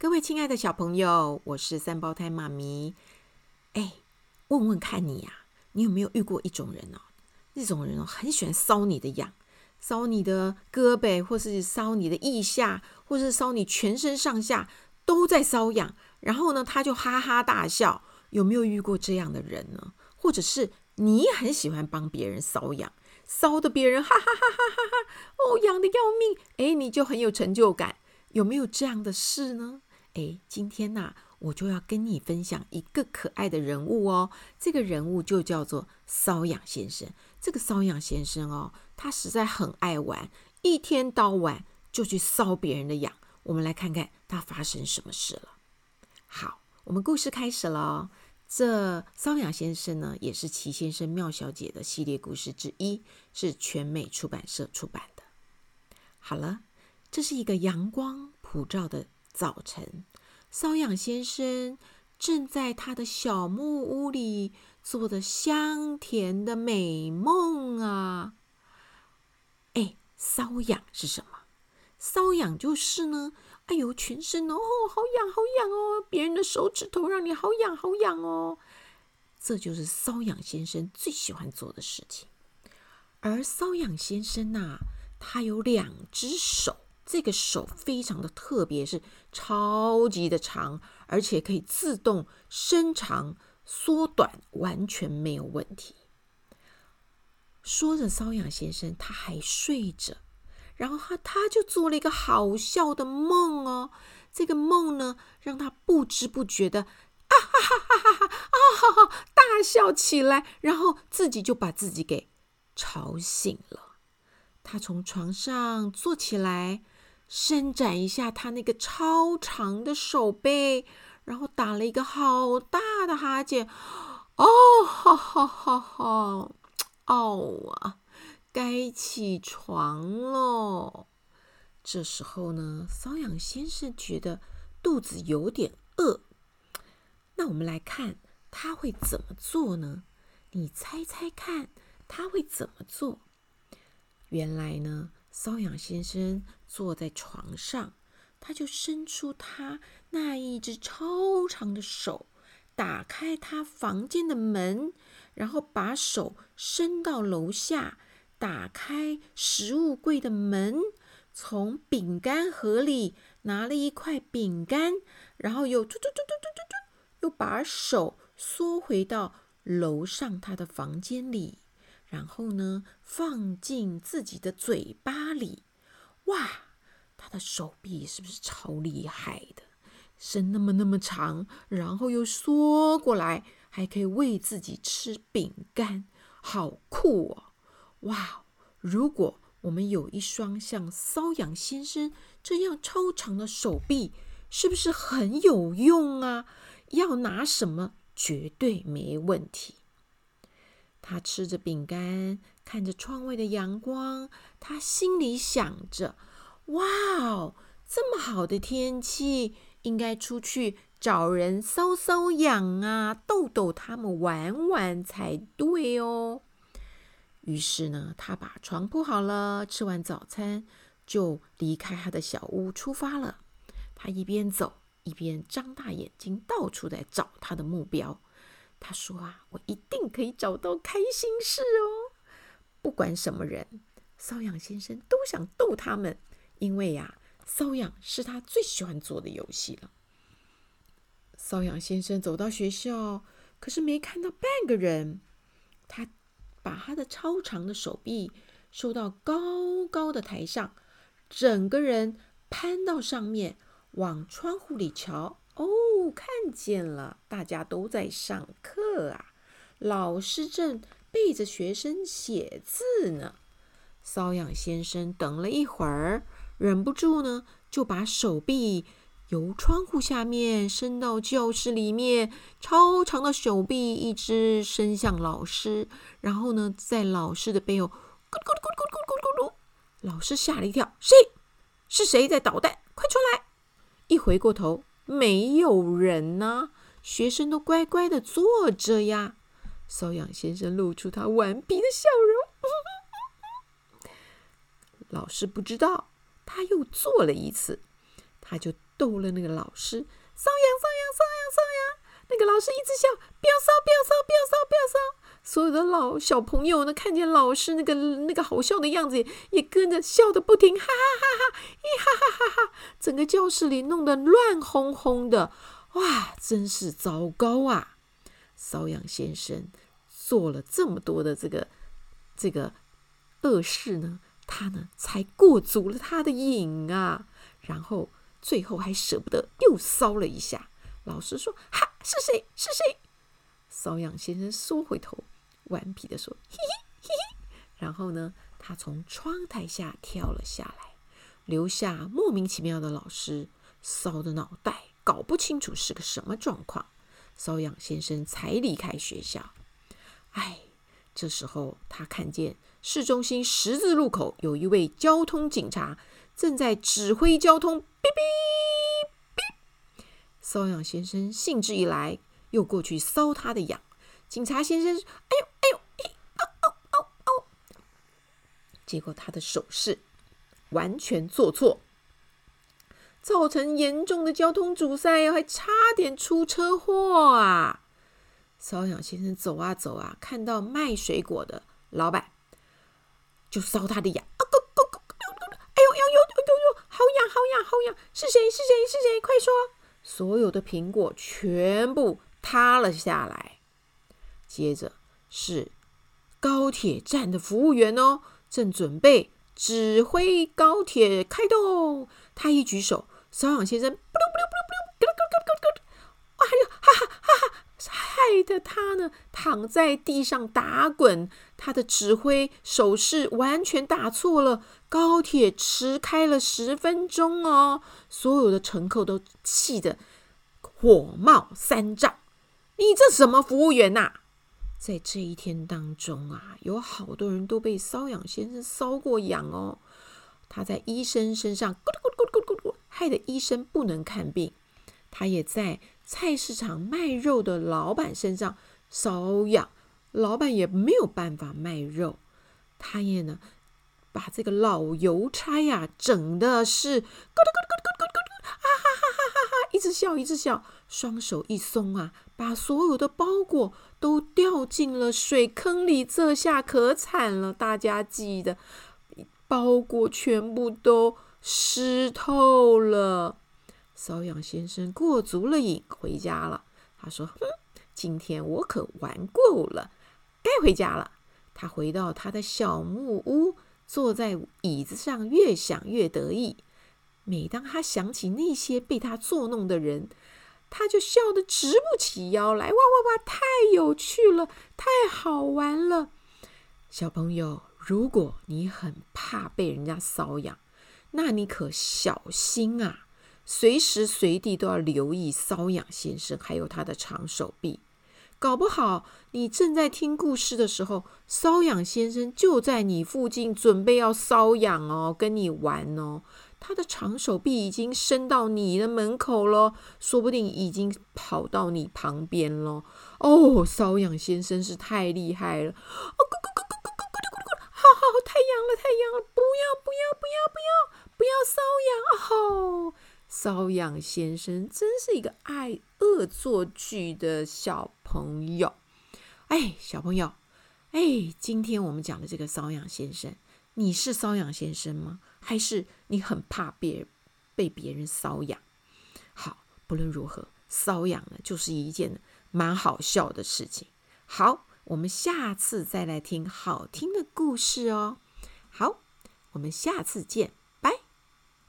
各位親愛的小朋友，我是三胞胎媽咪。哎，問問看你呀、啊，你有沒有遇過一種人呢、哦？那種人哦，很喜歡搔你的癢，搔你的胳膊，或是搔你的腋下，或是搔你全身上下都在搔癢，然後呢，他就哈哈大笑。有沒有遇過這樣的人呢？或者是你很喜歡幫別人搔癢，搔得別人哈哈哈哈哈哈，哦，癢得要命。哎，你就很有成就感。有沒有這樣的事呢？誒，今天吶、啊，我就要跟你分享一個可愛的人物哦。這個人物就叫做搔癢先生。這個搔癢先生哦，他實在很愛玩，一天到晚就去搔別人的癢。我們來看看他發生什麼事了。好，我們故事開始了哦。這搔癢先生呢，也是奇先生妙小姐的系列故事之一，是全美出版社出版的。好了，這是一個陽光普照的早晨，搔癢先生正在他的小木屋裡做着香甜的美夢啊！哎，搔癢是什麼？搔癢就是呢，哎呦，全身哦，好癢，好癢哦！別人的手指頭讓你好癢，好癢哦！這就是搔癢先生最喜歡做的事情。而搔癢先生吶、啊，他有兩只手。這個手非常的特別，是超級的長，而且可以自動伸長、縮短，完全沒有問題。說着，搔癢先生他還睡着，然後他他就做了一個好笑的夢哦。這個夢呢，讓他不知不覺的啊哈哈哈哈哈啊哈哈大笑起來，然後自己就把自己給吵醒了。他從床上坐起來。伸展一下他那個超長的手臂，然後打了一個好大的哈欠。哦，哈哈哈哈！哦啊，該起床嘍。這時候呢，搔癢先生覺得肚子有點餓。那我們來看他會怎麼做呢？你猜猜看他會怎麼做？原來呢。搔癢先生坐在床上，他就伸出他那一隻超長的手，打開他房間的門，然後把手伸到樓下，打開食物櫃的門，從餅乾盒裡拿了一塊餅乾，然後又嘟嘟嘟嘟嘟嘟，又把手縮回到樓上他的房間裡。然後呢，放進自己的嘴巴裡，哇，他的手臂是不是超厲害的？伸那麼那麼長，然後又縮過來，還可以餵自己吃餅乾，好酷哦！哇，如果我們有一雙像搔癢先生這樣超長的手臂，是不是很有用啊？要拿什麼，絕對沒問題。他吃着餅乾，看着窗外的陽光，他心裡想着：“哇哦，這麼好的天氣，應該出去找人搔搔癢啊，逗逗他們玩玩才對哦。”於是呢，他把床鋪好了，吃完早餐就離開他的小屋出發了。他一邊走一邊張大眼睛，到處在找他的目標。他說：“啊，我一定可以找到開心事哦！不管什麼人，搔癢先生都想逗他們，因為呀、啊，搔癢是他最喜歡做的遊戲了。”搔癢先生走到學校，可是沒看到半個人。他把他的超長的手臂收到高高的台上，整個人攀到上面，往窗戶裡瞧。看見了，大家都在上課啊，老師正背着學生寫字呢。搔癢先生等了一會兒，忍不住呢，就把手臂由窗戶下面伸到教室裡面，超長的手臂一直伸向老師，然後呢，在老師的背後咕嚕咕嚕咕嚕咕嚕咕嚕咕嚕，老師嚇了一跳，誰？是誰在搗蛋？快出來！一回過頭。沒有人呢、啊，學生都乖乖的坐着呀。搔癢先生露出他頑皮的笑容。 老師不知道，他又做了一次，他就逗了那個老師。搔癢，搔癢，搔癢，搔癢。那個老師一直笑，不要搔，不要搔，不要搔，不要搔。所有的老小朋友呢，看見老師那個那個好笑的樣子也，也跟着笑的不停，哈哈哈哈，一哈哈哈哈，整個教室裡弄得亂哄哄的，哇，真是糟糕啊！搔癢先生做了這麼多的這個這個惡事呢，他呢才過足了他的癮啊，然後最後還捨不得，又搔了一下。老師說：“哈，是誰？是誰？”搔癢先生縮回頭。頑皮地說：“嘿嘿嘿嘿，嘻嘻。”然後呢，他從窗台下跳了下來，留下莫名其妙的老師搔的腦袋，搞不清楚是個什麼狀況。搔癢先生才離開學校。哎，這時候他看見市中心十字路口有一位交通警察正在指揮交通，嗶嗶嗶。搔癢先生興致一來，又過去搔他的癢。警察先生，哎呦！結果他的手勢完全做錯，造成嚴重的交通阻塞，還差點出車禍啊！搔癢先生走啊走啊，看到賣水果的老闆，就搔他的癢。啊，咕咕咕咕咕咕，哎呦哎呦哎呦呦，好癢好癢好癢！是誰是誰是誰？快說！所有的蘋果全部塌了下來，接着是高鐵站的服務員哦。正準備指揮高鐵開動，他一舉手，搔癢先生不溜不溜不溜不溜，咕嚕咕嚕咕嚕咕嚕，哎就哈哈哈哈，害得他呢躺在地上打滾，他的指揮手勢完全打錯了，高鐵遲開了十分鐘哦，所有的乘客都氣得火冒三丈，你這什麼服務員吶、啊？在這一天當中啊，有好多人都被搔癢先生瘙過癢哦。他在醫生身上，咕嚕咕嚕咕嚕咕嚕，害得醫生不能看病。他也在菜市場賣肉的老板身上瘙癢，老板也沒有辦法賣肉。他也呢，把這個老郵差呀、啊，整的是咕嚕咕嚕。咕嚕咕嚕。笑一直笑，雙手一鬆啊，把所有的包裹都掉進了水坑裡。這下可慘了，大家記得，包裹全部都濕透了。搔癢先生過足了癮，回家了。他說：“哼、嗯，今天我可玩夠了，該回家了。”他回到他的小木屋，坐在椅子上，越想越得意。每當他想起那些被他捉弄的人，他就笑得直不起腰來。哇哇哇！太有趣了，太好玩了。小朋友，如果你很怕被人家搔癢，那你可小心啊！隨時隨地都要留意搔癢先生，還有他的長手臂。搞不好你正在聽故事的時候，搔癢先生就在你附近，準備要搔癢哦，跟你玩哦。他的長手臂已經伸到你的門口了，說不定已經跑到你旁邊了。哦，搔癢先生是太厲害了！哦咕咕咕咕咕咕咕咕咕哩咕哩，好好，太癢了，太癢了，不要不要不要不要不要搔癢哦。搔癢先生真是一個愛惡作劇的小朋友。哎，小朋友，哎，今天我們講的這個搔癢先生。你是搔癢先生嗎？還是你很怕別人被別人搔癢？好，不論如何，搔癢呢就是一件蠻好笑的事情。好，我們下次再來聽好聽的故事哦。好，我們下次見。